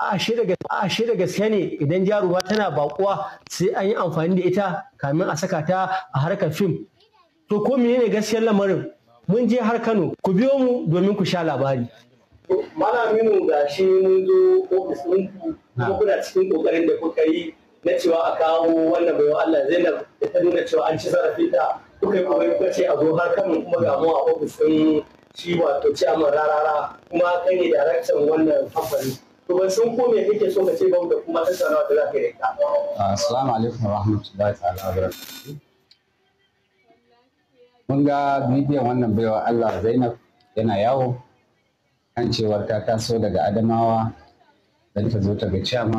a ashe da gaske ne idan jaruwa tana bakuwa sai an yi amfani da ita kamin a saka ta a harkar fim to ko ne gaskiyar lamarin mun je har kano ku biyo mu domin ku sha labari minu ga shi mun zo ofis mun kuna cikin ƙoƙarin da kuka yi na cewa a kawo wannan bayan Allah Zainab da ta nuna cewa an ci zarafi ta kuka yi kuma kuka ce a zo har Kano kuma ga mu a ofisin shi wato ci amma rarara kuma kai ne daraktan wannan kamfanin. kuma sun kake so ka ce da kuma tattaunawa da za ka assalamu alaikum ta'ala mun ga bidiyon wannan baiwa Allah Zainab yana yawo kan cewar ta taso daga Adamawa don ta zo ta ga ciyama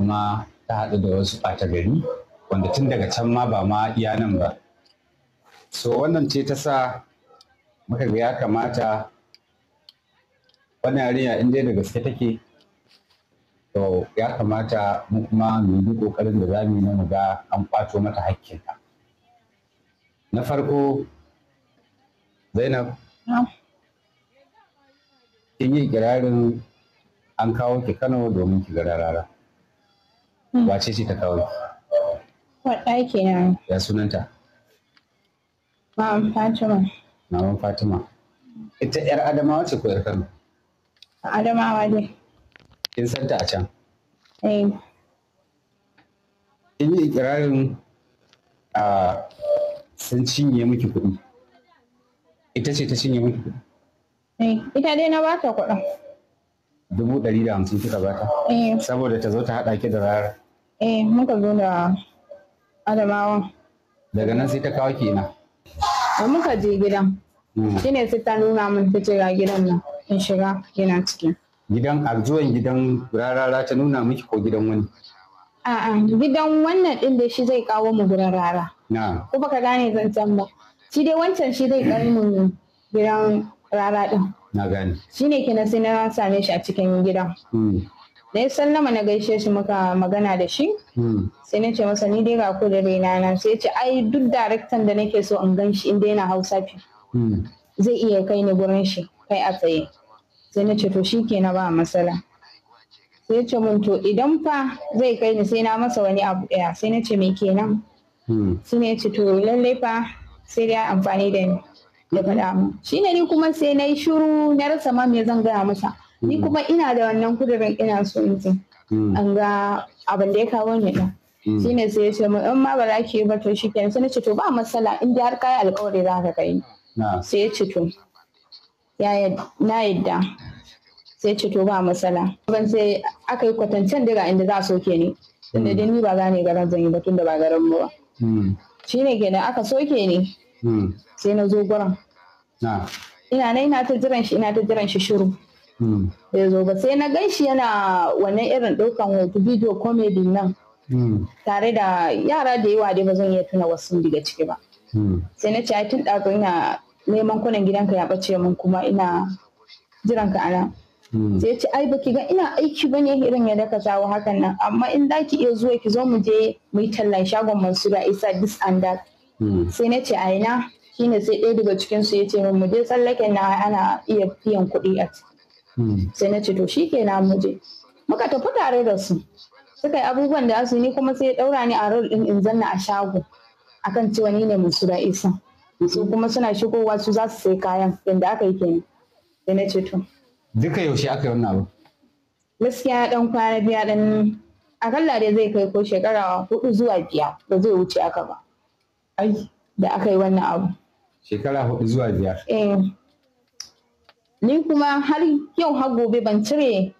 kuma ta haɗu da wasu ɓata gari wanda tun daga can ma ba ma iya nan ba so wannan ce ta sa muka ga ya kamata wannan yarinya in dai da gaske take to ya kamata mu kuma mu yi kokarin da zamu yi na mu ga an kwato mata hakkinta na farko zainab kin yi kirarin an kawo ki kano domin ki gararara rara hmm. wace ce ta kawo ki ke nan Ya sunanta? Ma'am Fatima. Ma'am Fatima. Ita 'yar Adamawa ce ko 'yar Kano? Adamawa ne. Kin santa a can? Eh. in yi ikirarin a sun cinye miki kuɗi ita ce ta cinye miki kuɗi eh, ita dai na bata kuɗin dubu ɗari da hamsin kika bata eh. saboda ta zo ta haɗa ki da rara eh muka zo da adamawan daga nan sai ta kawo ki ina da muka je gidan hmm. Shi ne sai ta nuna min ta ce ga gidan nan in shiga yana cikin gidan arzuwan gidan rarara ta nuna miki ko gidan wani a'a gidan wannan din da shi zai kawo mu gidan rara na ko baka gane zan can ba shi dai wancan shi zai kawo mu gidan rara din na gane shine kenan sai na same shi a cikin gidan da hmm. ya sallama na gaishe shi muka magana da shi hmm. sai na ce masa ni dai ga ku da raina na sai ya ce ai duk daraktan da nake so in ganshi shi inda yana hausa fi hmm. zai iya kai ni gurin shi kai a tsaye sai na ce to shi ke na ba matsala sai ce mun to idan fa zai kai ni sai na masa wani abu daya sai na ce me kenan hmm. sai na ce to lallai fa sai da amfani da ni da faɗa mu shi ne ni kuma sai na yi shiru na rasa ma me zan gaya masa ni hmm. kuma ina da wannan kudirin ina so in ji hmm. an ga abin da ya kawo ni ɗin shi ne sai ya ce mu in ma ba za ki yi ba to shi kenan sai na ce to ba matsala in dai har kai alƙawari za ka kai sai ya ce to na yadda sai ce to ba matsala ban sai aka yi kwatancen daga inda za a soke ni tunda da ni ba gane garan zan yi ba tunda ba garan mu ba hmm. shi ne kenan aka soke ni hmm. sai na zo gurin ina na ina ta jiran shi ina ta jiran shi shiru ya hmm. zo ba sai na gan shi yana wannan irin ɗaukan hoto bidiyo comedy nan tare da yara da yawa dai ba zan iya tuna wasu daga ciki ba sai na ce tun ɗaga ina neman kunan gidanka ya ɓace min kuma ina jiran ka ana hmm. sai ce ai baki ga ina aiki bane irin yadda ka jawo hakan nan amma in za ki iya zuwa ki zo mu je mu yi tallan shagon Mansura Isa dis and that hmm. sai na ce a ina shine sai ɗaya daga cikin su ya ce min mu je tsallaken na ana iya biyan kuɗi a ciki hmm. sai na ce to shikenan mu je muka tafi tare da su suka yi abubuwan da su ni kuma sai ya ɗaura ni a rol ɗin in zanna a shago akan cewa ni ne Mansura Isa su kuma suna shigowa su za su sai kayan yadda aka yi kenan da na ce to duka yaushe aka yi wannan abu gaskiya dan kwana biya dan akalla dai zai kai ko shekara hudu zuwa biyar da zai wuce aka ba ai da aka yi wannan abu shekara hudu zuwa biyar eh. ni kuma har yau har gobe ban cire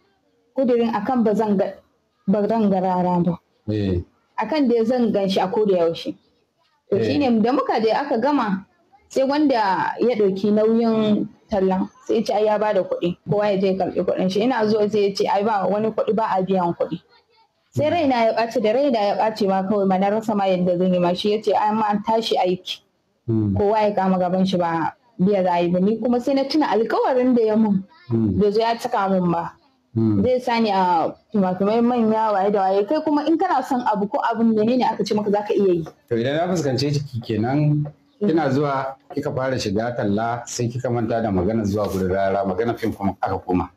kudirin akan ba zan ga ba garara ba eh. akan da zan ganshi a koda yaushe to eh. ne da muka je aka gama sai wanda ya ɗauki nauyin tallan sai ce ai ya bada kuɗi kowa ya je karɓi kuɗin shi ina zuwa sai ya ce ai ba wani kuɗi ba a biyan kuɗi sai raina ya ɓaci da raina ya ɓaci ma kawai mana rasa ma yadda zan yi ma shi ya ce ai ma tashi aiki hmm. kowa ya kama gaban shi ba biya za yi ba ni kuma sai na tuna alkawarin da ya mun da hmm. ya cika mun ba Hmm. zai sani a tumatumai manya waye da waye kai kuma in kana son abu ko abin ne aka ce maka zaka iya yi to idan na fuskance ciki kenan kina zuwa kika fara shiga talla sai kika manta da magana zuwa gurin rara magana fim kuma aka koma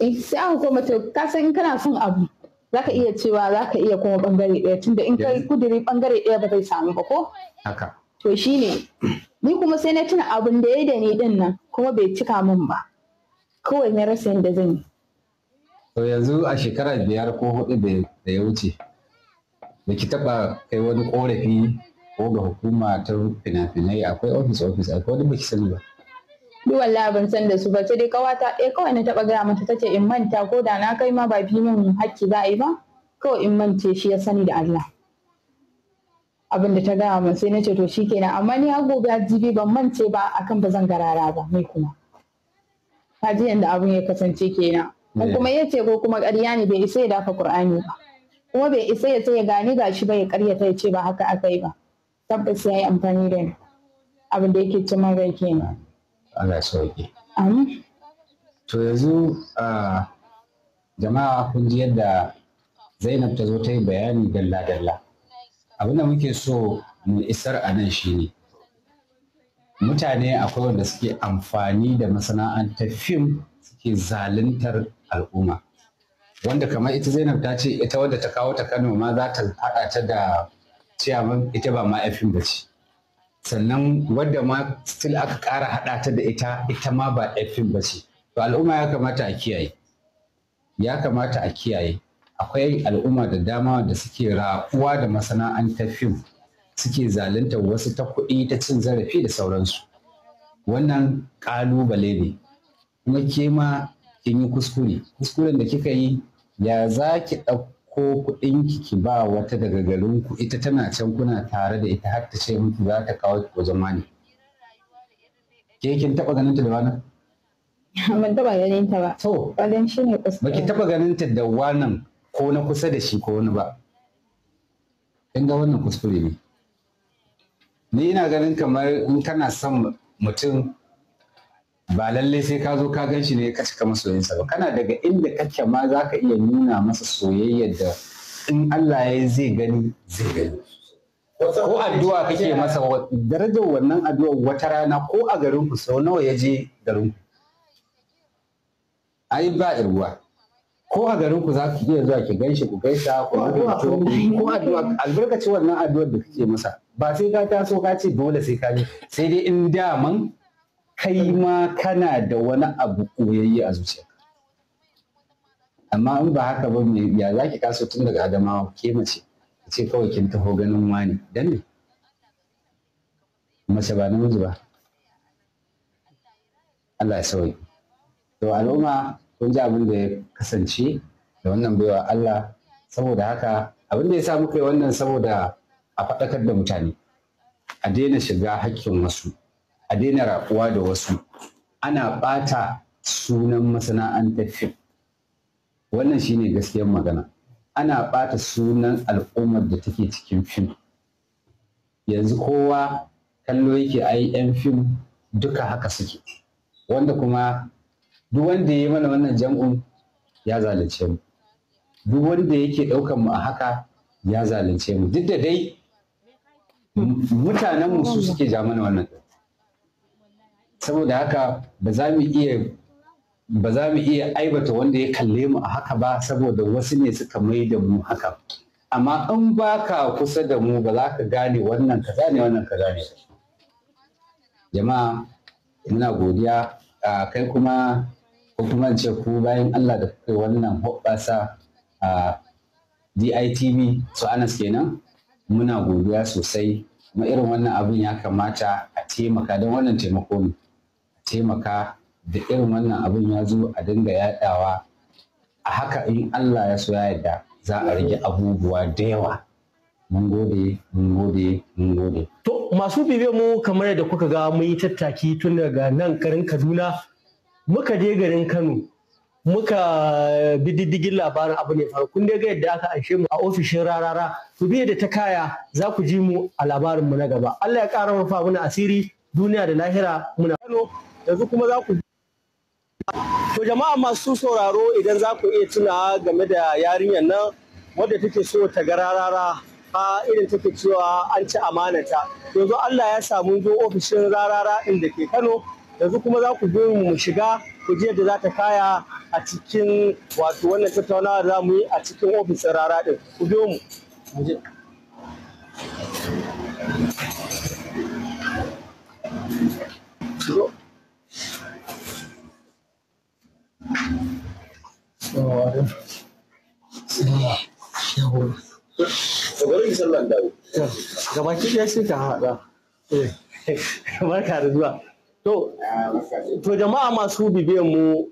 eh sai aka koma to ka san in kana son abu zaka iya cewa zaka iya kuma bangare ɗaya tunda in kai kudiri bangare ɗaya ba zai samu ba ko haka to shine ni kuma sai na tuna abin da ya da ni din nan kuma bai cika min ba kawai na rasa yadda zan yi to yanzu a shekara biyar ko hudu da ya wuce da ki taba kai wani korafi ko ga hukuma ta fina-finai akwai ofis ofis akwai wani baki sani ba duk wallahi ban san da su ba sai dai kawata ɗaya kawai na taba gaya mata ce in manta ko da na kai ma ba fi min hakki za a yi ba kawai in mance shi ya sani da Allah abin da ta gaya min sai na ce to shikenan amma ni har gobe jibi ban mance ba akan ba zan garara ba mai kuma ta ji yadda abin ya kasance kenan in kuma eh. ya ce ko kuma ƙarya ne bai isa ya dafa kur'ani ba kuma bai isa ya ce ya gani gashi ba ya ta ya ce ba haka aka yi ba tabbas ya yi amfani da abin da yake ci man rai kenan Allah sauke. amin to yanzu jama'a kun ji yadda Zainab ta zo ta yi bayani dalla dalla abin da muke so mu isar a nan shine mutane akwai wanda suke amfani da masana'antar fim suke zaluntar al'umma wanda kamar ita zainab ta ce ita wanda ta kawo ta kano ma za ta haɗa ta da ciyaman ita ba ma ba ce sannan wadda ma still aka ƙara haɗa ta da ita ita ma ba 'yafin ba ce to al'umma ya kamata a kiyaye ya kamata a kiyaye akwai al'umma da dama da suke raƙuwa da masana'antar fim suke zalunta wasu ta kuɗi ta cin zarafi da sauransu wannan ƙalubale ne kuma ke ma kin yi kuskure kuskuren da kika yi ya za ki ɗauko kuɗin ki ba wata daga garin ku ita tana can kuna tare da ita har ta ce miki za ta kawo ki wajen wani ke kin taɓa ganin ta da wani ban taɓa ganin ta ba to shi shine kuskure baki taɓa ganin ta da wani ko na kusa da shi ko wani ba in ga wannan kuskure ne ni ina ganin kamar in kana son mutum ba lalle sai ka zo ka gan shi ne ka cika masoyinsa ba kana daga inda kake ma za ka iya nuna masa soyayyar da in Allah ya zai gani zai gani ko addu'a kake masa darajar wannan addu'ar wata rana ko a garin ku sau nawa ya je garin ku ai ba irwa ko a garin ku za ku iya zuwa ki ganshi ku gaisa ku ko addu'a albarkaci wannan addu'ar da kake masa ba sai ka taso ka ce dole sai ka je sai dai in da man kai ma kana da wani abu koyayye a zuciya amma in ba haka ba ya za ki kaso tun daga adamawa ke mace ce kawai kin taho ganin wani dan ne mace ba namiji ba Allah ya sauyi to al'umma kun ji abin da ya kasance da wannan baiwa Allah saboda haka abin da ya sa muka yi wannan saboda a faɗakar da mutane a daina shiga hakkin wasu a daina rabuwa da wasu ana ɓata sunan masana'antar fim wannan shine gaskiyar magana ana ɓata sunan al'ummar da take cikin fim yanzu kowa kallo yake ai 'yan fim duka haka suke wanda kuma duk wanda ya yi mana wannan jam'un ya zalunce mu duk wanda yake ɗaukan mu a haka ya zalunce mu duk da dai mutanenmu su suke ja mana wannan saboda haka ba za mu iya aibata wanda ya kalle mu a haka ba saboda wasu ne suka mai da mu haka amma in ba ka kusa da mu ba za ka gane wannan kaza ne wannan kaza ne jama'a muna godiya kai kuma ko ku bayan Allah da kuka wannan hoɓasa a DITV su Anas kenan muna godiya sosai kuma irin wannan abin ya kamata a taimaka don wannan taimako ne taimaka da irin wannan abin ya zo a dinga yaɗawa a haka in Allah ya so ya yarda za a rage abubuwa da yawa mun gode mun gode mun gode to masu bibe mu kamar yadda kuka ga mun yi tattaki tun daga nan garin Kaduna muka je garin Kano muka bi diddigin labarin abu ne faru kun dai ga yadda aka aishe mu a ofishin rarara ku biye da ta kaya za ku ji mu a labarin mu na gaba Allah ya ƙara rufa muna asiri duniya da lahira muna Kano yanzu kuma za ku To jama'a masu sauraro idan za ku iya tuna game da yarinyar nan wadda take so ta ga rarara a irin take cewa an ci amanata. Yanzu Allah ya samu zo ofishin rarara inda ke Kano yanzu kuma za ku mu shiga ku ji yadda za ta kaya a cikin wato wannan tattaunawa da za mu yi a cikin ofishin rara din. Ku biyo mu. Mu gabaki ya sai ka haɗa barka da zuwa to jama'a masu bibiyan mu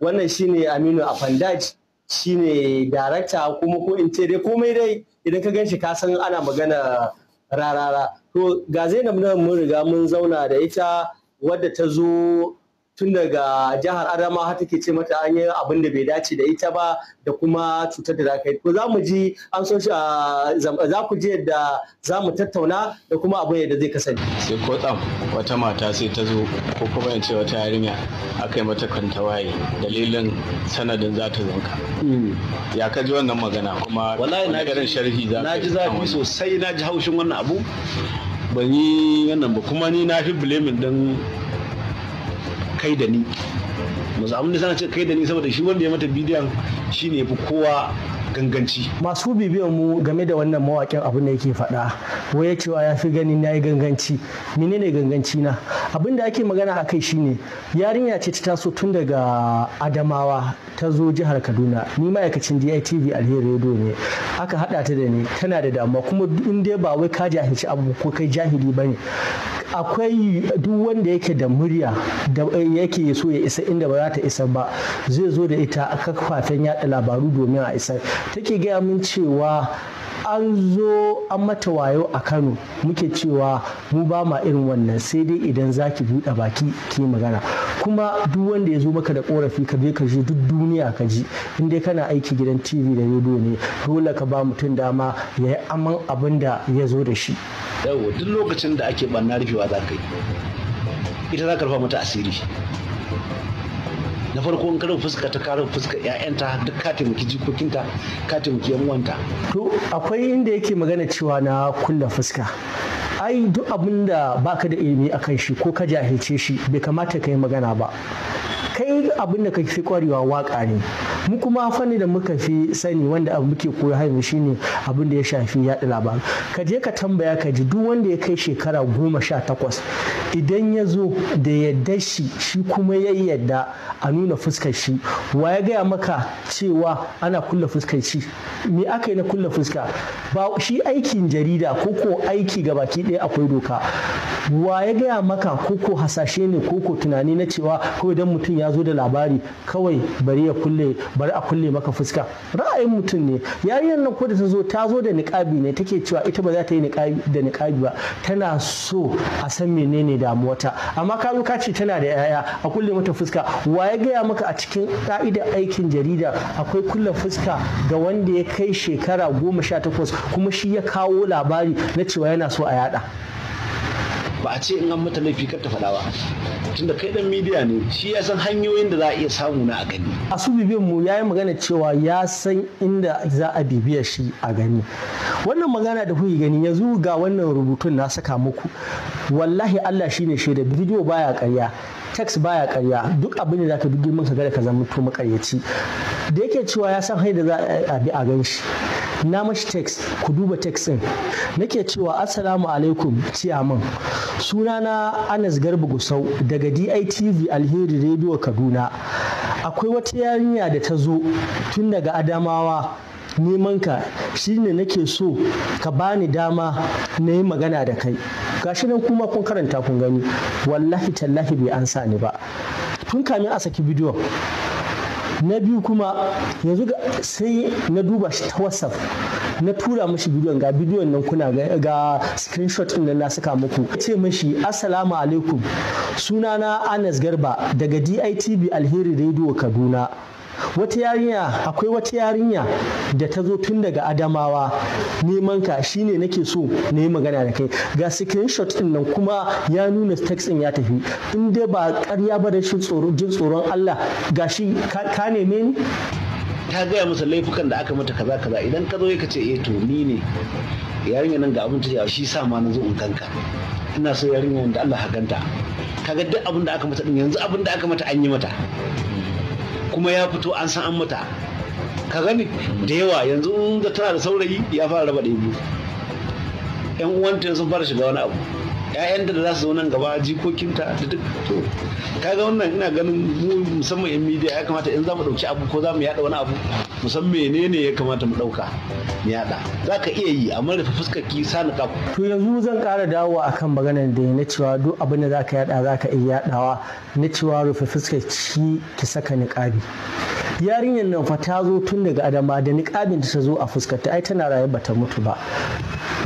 wannan shine aminu afandaj shine darakta kuma ko in ce dai komai dai idan ka gan shi ka san ana magana rarara to ga zainab nan mun riga mun zauna da ita wadda ta zo tun daga jihar adama har take ce mata an yi abin da bai dace da ita ba da kuma cutar da za ka yi ko za mu ji an so za ku ji yadda za mu tattauna da kuma abin yadda zai kasance sai ko tsam wata mata sai ta zo ko kuma in ce wata yarinya aka yi mata waye dalilin sanadin za ta zanka hmm. ya ka ji wannan magana kuma wallahi na garin sharhi za na ji zafi sosai na ji haushin wannan abu ban yi wannan ba kuma ni na fi blaming din kai da ni masu abin da sana ce kai da ni saboda shi wanda ya mata bidiyon shi ne fi kowa ganganci masu bibiyar mu game da wannan mawakin abin da yake faɗa waya cewa ya fi ganin na yi ganganci ne ganganci na abin da ake magana a kai shine yarinya ce ta taso tun daga adamawa ta zo jihar kaduna ni ma'aikacin ditv alheri radio ne aka haɗa ta da ni tana da damuwa kuma in dai ba wai ka jahilci abu ko kai jahili ba ne akwai duk wanda yake da murya da eh, yake so ya isa inda ba za ta isa ba zai zo da ita a kafafen yada labaru domin a isa take gaya min cewa an zo an mata wayo a kano muke cewa mu ba ma irin wannan sai dai idan za ki buɗe baki ki magana kuma duk wanda ya zo maka da korafi ka je ka je duk duniya ka ji in dai kana aiki gidan tv da rediyo ne dole ka ba mutum dama ya yi aman abin da ya zo da shi yawo duk lokacin da ake banna rufewa za ka yi ita za ka rufa mata asiri na farko in karin fuska ta karin fuska 'ya'yanta duk ka taimaki jikokinta ka taimaki yan to akwai inda yake magana cewa na kulla fuska ai duk abin baka da ilimi akan shi ko ka jahilce shi bai kamata ka yi magana ba kai abin da ka fi kwarewa waka ne mu kuma fanni da muka fi sani wanda abu muke koyo haihu shine abin da ya shafi yaɗa labaru ka je ka tambaya ka ji duk wanda ya kai shekara goma sha takwas idan ya zo da yadda shi shi kuma ya yadda a nuna fuskar shi wa ya gaya maka cewa ana kulle fuskar shi me aka yi na kulle fuska ba shi aikin jarida ko ko aiki gabaki ɗaya akwai doka wa ya gaya maka ko ko hasashe ne ko ko tunani na cewa kawai dan mutum ya zo da labari kawai bari ya kulle bari a kulle maka fuska ra'ayin mutum ne yarinyar nan ko da ta zo ta zo da niƙabi ne take cewa ita ba za ta yi da niƙabi ba tana so a san menene damuwata amma ka zo ka ce tana da yaya a kulle mata fuska wa ya gaya maka a cikin ka'idar aikin jarida akwai kulle fuska ga wanda ya kai shekara goma sha takwas kuma shi ya kawo labari na cewa yana so a yada ba a ce in an mata laifi kar ta faɗa ba tunda kai dan midiya ne shi ya san hanyoyin da za a iya samu na a gani a su bibiyan mu yayi magana cewa ya san inda za a bibiya shi a gani wannan magana da kuke gani yanzu ga wannan rubutun na saka muku wallahi Allah shine shaida bidiyo baya ƙarya text baya karya duk abin da zaka bi girman sa gare ka zama to makaryaci da yake cewa ya san da za a bi a ganshi. na mashi text ku duba text din nake cewa assalamu alaikum ciyaman sunana Anas Garba Gusau daga DITV Alheri Radio Kaduna akwai wata yarinya da ta zo tun daga Adamawa neman ka shine nake so ka bani dama na yi magana da kai gashi nan kuma kun karanta kun gani wallahi tallahi bai an sa ni ba tun kamin a saki bidiyo na biyu kuma yanzu sai na duba shi ta whatsapp na tura mashi bidiyon ga bidiyon nan kuna ga screenshot din nan na saka muku ce mashi assalamu alaikum sunana anas garba daga ditv alheri radio kaduna wata yarinya akwai wata yarinya da ta zo tun daga adamawa neman ka shine nake so na yi magana da kai ga screenshot din nan kuma ya nuna text din ya tafi in dai ba karya ba da shi jin tsoron Allah ga shi ka neme ni ta gaya masa laifukan da aka mata kaza kaza idan ka zo ka ce eh to ni ne yarinya nan ga abin ta ah, shi sa ma na zo in kanka ina so yarinya da Allah ha ganta kaga duk abin da aka mata din yanzu abin da aka mata an yi mata kuma ya fito an san an mata ka gani da yawa yanzu da tana da saurayi ya fara raba ɗaya biyu yan uwanta sun fara shiga wani abu 'ya'yan da za su zo nan gaba jikokinta da duk to kaga wannan ina ganin mu musamman yan media ya kamata in za mu ɗauki abu ko za mu yaɗa wani abu musamman menene ya kamata mu ɗauka mu yaɗa za ka iya yi amma da fuskar ki sa niqab to yanzu zan ƙara dawowa akan maganar da na cewa duk abin da za ka yaɗa za ka iya yaɗawa na cewa rufe fuskar ki ki saka niƙabi yarinyar nan fa ta zo tun daga adama da niqabin ta zo a fuskar ta ai tana ba bata mutu ba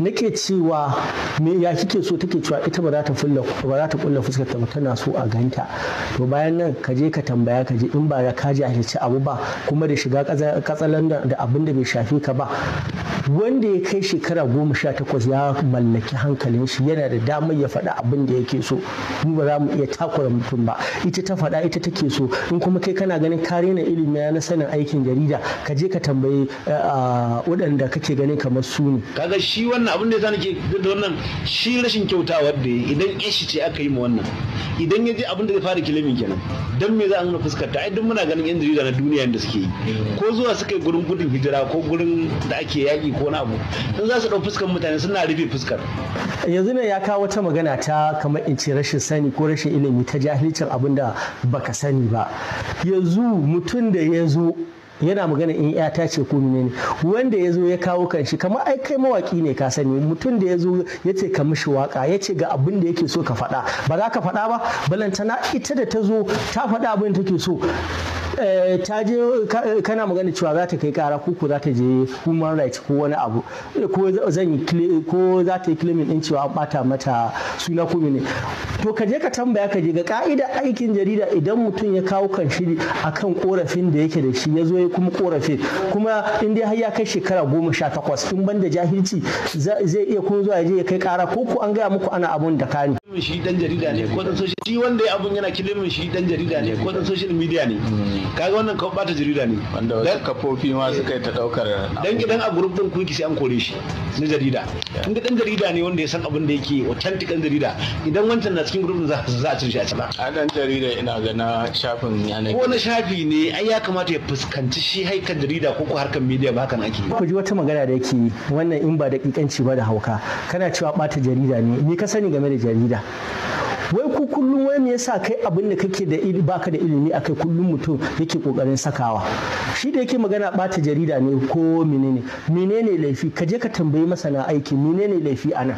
nake cewa me ya kike so take cewa ita ba za ta fulla ba za ta kulla fuskar ta tana so a ganta to bayan nan ka je ka tambaya ka je in ba ka ji a abu ba kuma da shiga katsalan da abin da bai shafe ka ba wanda ya kai shekara goma sha takwas ya mallaki hankalin shi yana da damar ya faɗa abin da yake so mu ba za mu iya takura mutum ba ita ta faɗa ita take so in kuma kai kana ganin kare na ilimi na sanin aikin jarida ka je ka tambayi eh, waɗanda kake ganin kamar su ne kaga shi wannan abin da ya nake da wannan shi rashin kyautawar da idan ishi ce aka yi ma wannan idan ya je abin da zai fara kilimin kenan don me za a nuna fuskar ta ai muna ganin yan jarida na duniya da suke yi ko zuwa suka yi gurin gudun hijira ko gurin da ake yaƙi ko wani abu in za su ɗau fuskar mutane suna rufe fuskar yanzu ne ya kawo wata magana ta kamar in ce rashin sani ko rashin ilimi ta jahilcin abin da baka sani ba yanzu mutum da ya zo yana magana in ya ta ce ko ne wanda ya zo ya kawo kanshi kamar ai kai mawaki ne ka sani mutum da ya zo ya ce ka mishi waka ya ce ga abin da yake so ka faɗa ba za ka faɗa ba balantana ita da ta zo ta faɗa abin da take so Eh, ta je kana magana cewa za ta kai kara ko ko za ta je human rights ko wani abu eh, ko zan ko za ta yi claim din cewa an bata mata suna ko ne to ka je ka tambaya ka je ga ka'ida aikin jarida idan mutum ya kawo kan shi akan korafin da yake da shi ya zo ya kuma korafe kuma in dai har ya kai shekara goma sha takwas in banda da jahilci zai iya kuma zuwa ya je ya kai kara ko ko an gaya muku ana abun da ne shi dan jarida ne ko dan social shi wanda ya abun yana kilimin shi dan jarida ne ko dan social media ne hmm. kaga wannan kawai bata jarida ne wanda wasu kafofi ma suka yi ta daukar dan gidan a group din ku sai an kore shi na jarida in dan jarida ne wanda ya san abin da yake authentic dan jarida idan wancan na cikin group za za a cin shi a cila a dan jarida ina ga na shafin yanar ko na shafi ne ai ya kamata ya fuskanci shi haikan jarida ko harkan media ba hakan ake ku ji wata magana da yake wannan in ba da kikanci ba da hauka kana cewa bata jarida ne ni ka sani game da jarida wai ku kullum wai me yasa kai abin da kake da baka da ilimi akai kullum mutum yake kokarin sakawa shi da yake magana bata jarida ne ko menene menene laifi ka je ka tambayi masana aiki menene laifi anan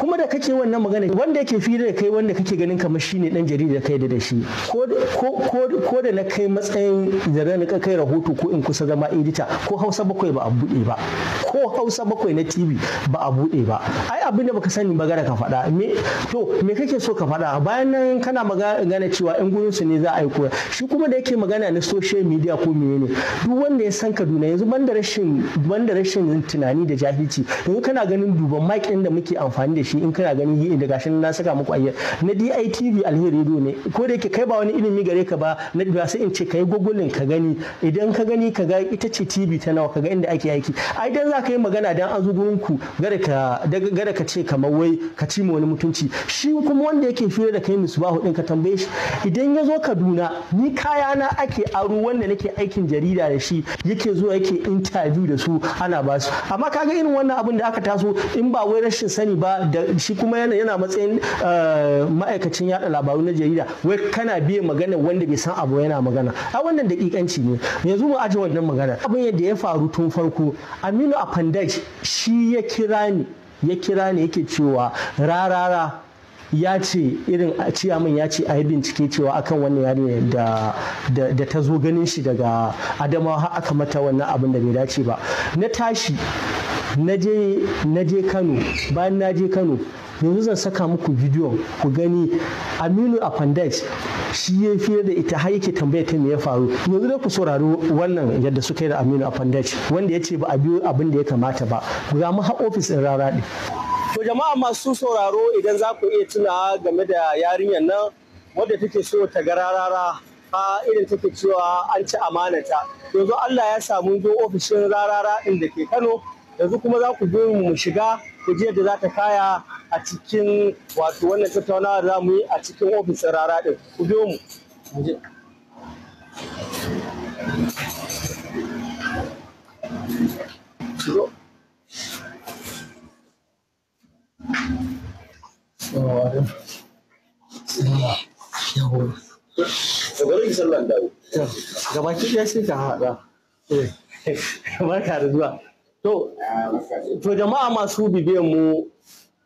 kuma da kake wannan magana wanda yake fira da kai wanda kake ganin kamar ne dan jarida kai da shi ko da na kai matsayin da na kai rahoto ko in kusa zama edita ko hausa bakwai ba a buɗe ba ko hausa bakwai na tv ba a bude ba ai abin da baka sani magana ka faɗa me to me kake so ka faɗa bayan nan kana magana cewa yan gurin su ne za a yi koya shi kuma da yake magana na social media ko ne. duk wanda ya san Kaduna yanzu banda rashin banda rashin tunani da jahilci yanzu kana ganin duban mic din da muke amfani da shi in kana ganin yi da gashin na saka muku ayyar na DITV alheri radio ne ko da yake kai ba wani ilimi gare ka ba na ba sai in ce kai gogulin ka gani idan ka gani ka ga ita ce TV ta nawa ka ga inda ake aiki ai dan za za ka yi magana dan an zo ku gada ka ce kamar wai ka ci wani mutunci shi kuma wanda yake fiye da kai misbahu din ka tambaye shi idan ya zo Kaduna ni kaya na ake aro wanda nake aikin jarida da shi yake zuwa yake interview da su ana ba su amma kaga irin wannan abin da aka taso in ba wai rashin sani ba da shi kuma yana matsayin eh, ma'aikacin yada labaru na jarida wai kana biye magana wanda bai san abu yana magana a wannan dakikanci ne yanzu mu aje wannan magana abin yadda ya faru tun farko Aminu a Fandaj shi ya kira ni ya kira ni yake cewa rarara ya ce irin min ya ce a yi bincike cewa akan wannan yari da, da, ta zo ganin shi daga adamawa har aka mata wannan abin da bai dace ba na tashi na je kano bayan na je kano yanzu zan saka muku bidiyon ku gani aminu appendix shi ya fi da ita har yake tambaya ta me ya faru yanzu da ku saurari wannan yadda suka yi da aminu appendix wanda ya ce ba a biyo abin da ya kamata ba ku mu har ofis ɗin raraɗi. to jama'a masu sauraro idan za ku iya tuna game da yarinyar nan wadda take so ta ga rarara a irin take cewa an ci amanata yanzu Allah ya samu zo ofishin rarara inda ke Kano yanzu kuma za ku bi mu shiga ku je da za ta kaya a cikin wato wannan tattaunawa za mu yi a cikin ofisin rara din ku biyo mu Gaba ki ɗaya sai ka haɗa. Eh, barka da zuwa. To, to jama'a masu bibiyan mu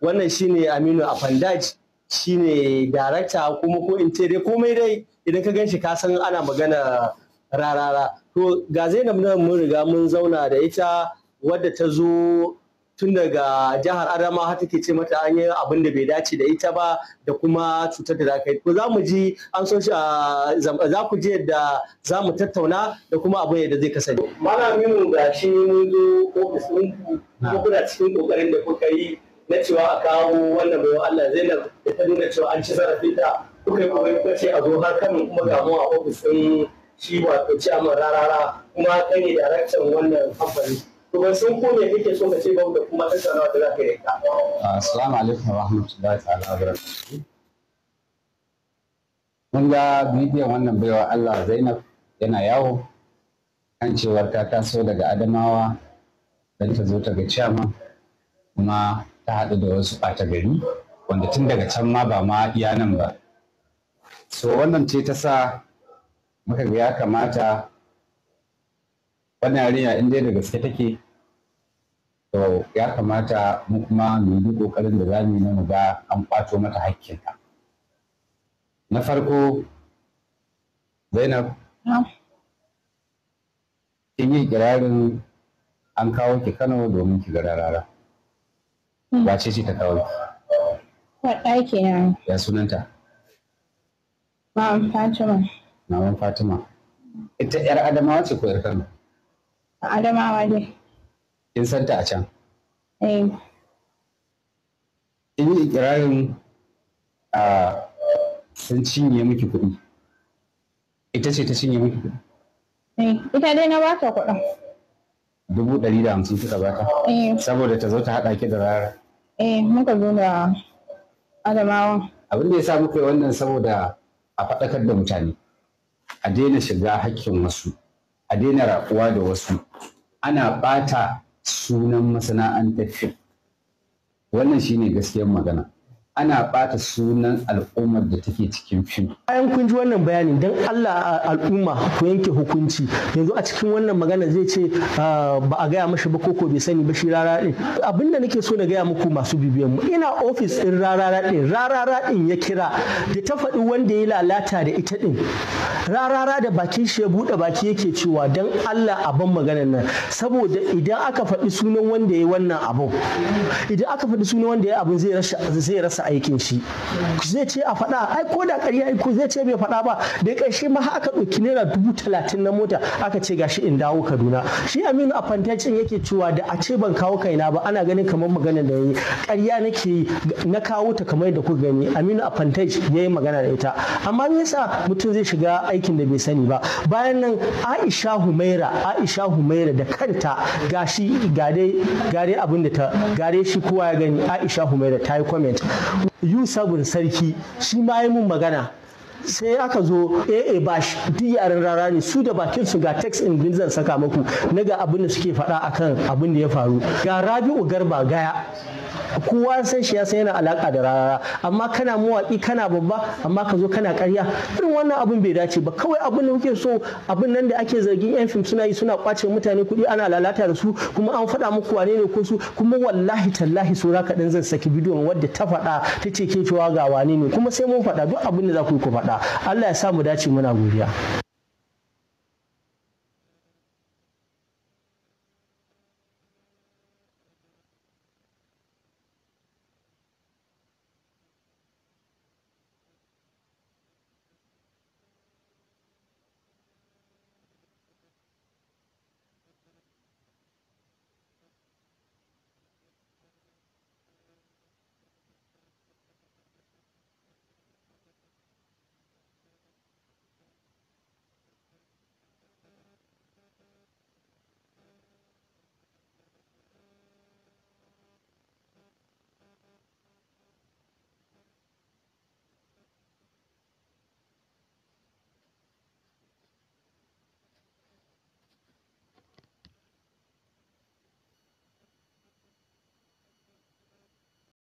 wannan shine Aminu Afandaji shine darakta kuma ko in ce dai komai dai idan ka gan shi ka san ana magana rarara. To ga Zainab nan mun riga mun zauna da ita wadda ta zo tun daga jihar adama har take ce mata an yi abin da bai dace da ita ba da kuma cutar da za ka yi ko za mu ji an so za ku je da za mu tattauna da kuma abin da zai kasance. malamin ga shi mun zo ofis ɗinku ko kuna cikin ƙoƙarin da kuka yi na cewa a kawo wannan bayan Allah Zainab da ta nuna cewa an ci zarafi ta kuka yi ƙoƙari kuka ce a zo har kan kuma gamu a ofis ɗin shi wato ci amma rarara kuma kai ne daraktan wannan kamfani. kuma sun ko kake so ka ce da kuma tattaunawa da za ka yi ka assalamu alaikum wa rahmatullahi ta'ala wa barakatuh mun ga bidiyon wannan baiwa Allah Zainab yana yawo kan cewar ta taso daga Adamawa don ta zo ta ga ciyama kuma ta haɗu da wasu ɓata gari wanda tun daga can ma ba ma iya nan ba so wannan ce ta sa muka ga ya kamata wannan yarinya in dai da gaske take to ya kamata mu kuma mu yi kokarin da zamu yi mu ga an kwato mata hakkinta na farko Zainab kin yi kirarin an kawo ki Kano domin ki ga rarara hmm. wace ce ta kawo ki ke kenan. Ya sunanta? Ma'am Fatima. Ma'am Fatima. Ita 'yar Adamawa ce ko 'yar Kano? a adamawa ne in santa a can eh in yi ikirarin a sun cinye miki kuɗi ita ce ta cinye miki kuɗi eh, ita dai na bata kuɗin dubu ɗari da hamsin kika bata eh. saboda ta zo ta haɗa ki da rara eh muka zo da adamawa. abin da ya sa muka yi wannan saboda a faɗakar da mutane a daina shiga hakkin wasu a daina rakuwa da wasu ana ɓata sunan masana'antar fim wannan shine gaskiyar magana ana bata sunan al'ummar da take cikin fim. Bayan kun ji wannan bayanin dan Allah al'umma ku yanke hukunci yanzu a cikin wannan magana zai ce ah, ba a gaya mashi ba koko bai sani ba shi rara din abin da nake so na gaya muku masu bibiyan mu ina ofis din rara din rara din ya kira da ta faɗi wanda ya lalata da ita din rarara da bakin shi ya buɗe baki yake cewa dan Allah a ban maganar nan saboda idan aka faɗi sunan wanda ya yi wannan abu idan aka faɗi sunan wanda ya abu zai rasa masa aikin shi zai ce a faɗa ai ko da ƙarya ko zai ce bai faɗa ba da ƙarshe ma aka ɗauki naira dubu talatin na mota aka ce gashi in dawo kaduna shi aminu a fantacin yake cewa da a ce ban kawo kaina ba ana ganin kamar maganar da yayi ƙarya nake yi na kawo ta kamar da ku gani aminu a fantaci ya magana da ita amma me yasa mutum zai shiga aikin da bai sani ba bayan nan aisha humaira aisha humaira da kanta gashi gare gare abin da ta gare shi kowa ya gani aisha humaira ta yi comment yusabun sarki shi ma yi mun magana sai aka zo AA bash duk yaran rara ne su da bakin su ga text in din zan saka muku na ga abin da suke faɗa akan abin da ya faru ga Rabi'u Garba gaya kowa san shi ya san yana alaka da rarara amma kana mawaƙi kana babba amma ka zo kana ƙarya irin wannan abun bai dace ba kawai abun da kuke so abun nan da ake zargin yan fim suna yi suna kwace mutane kuɗi ana lalata da su kuma an faɗa muku wane ne ko su kuma wallahi tallahi sura kaɗan zan saki bidiyon wadda ta faɗa ta ce ke cewa ga wane ne kuma sai mun faɗa duk abin da za ku yi ku faɗa Allah ya sa mu dace muna godiya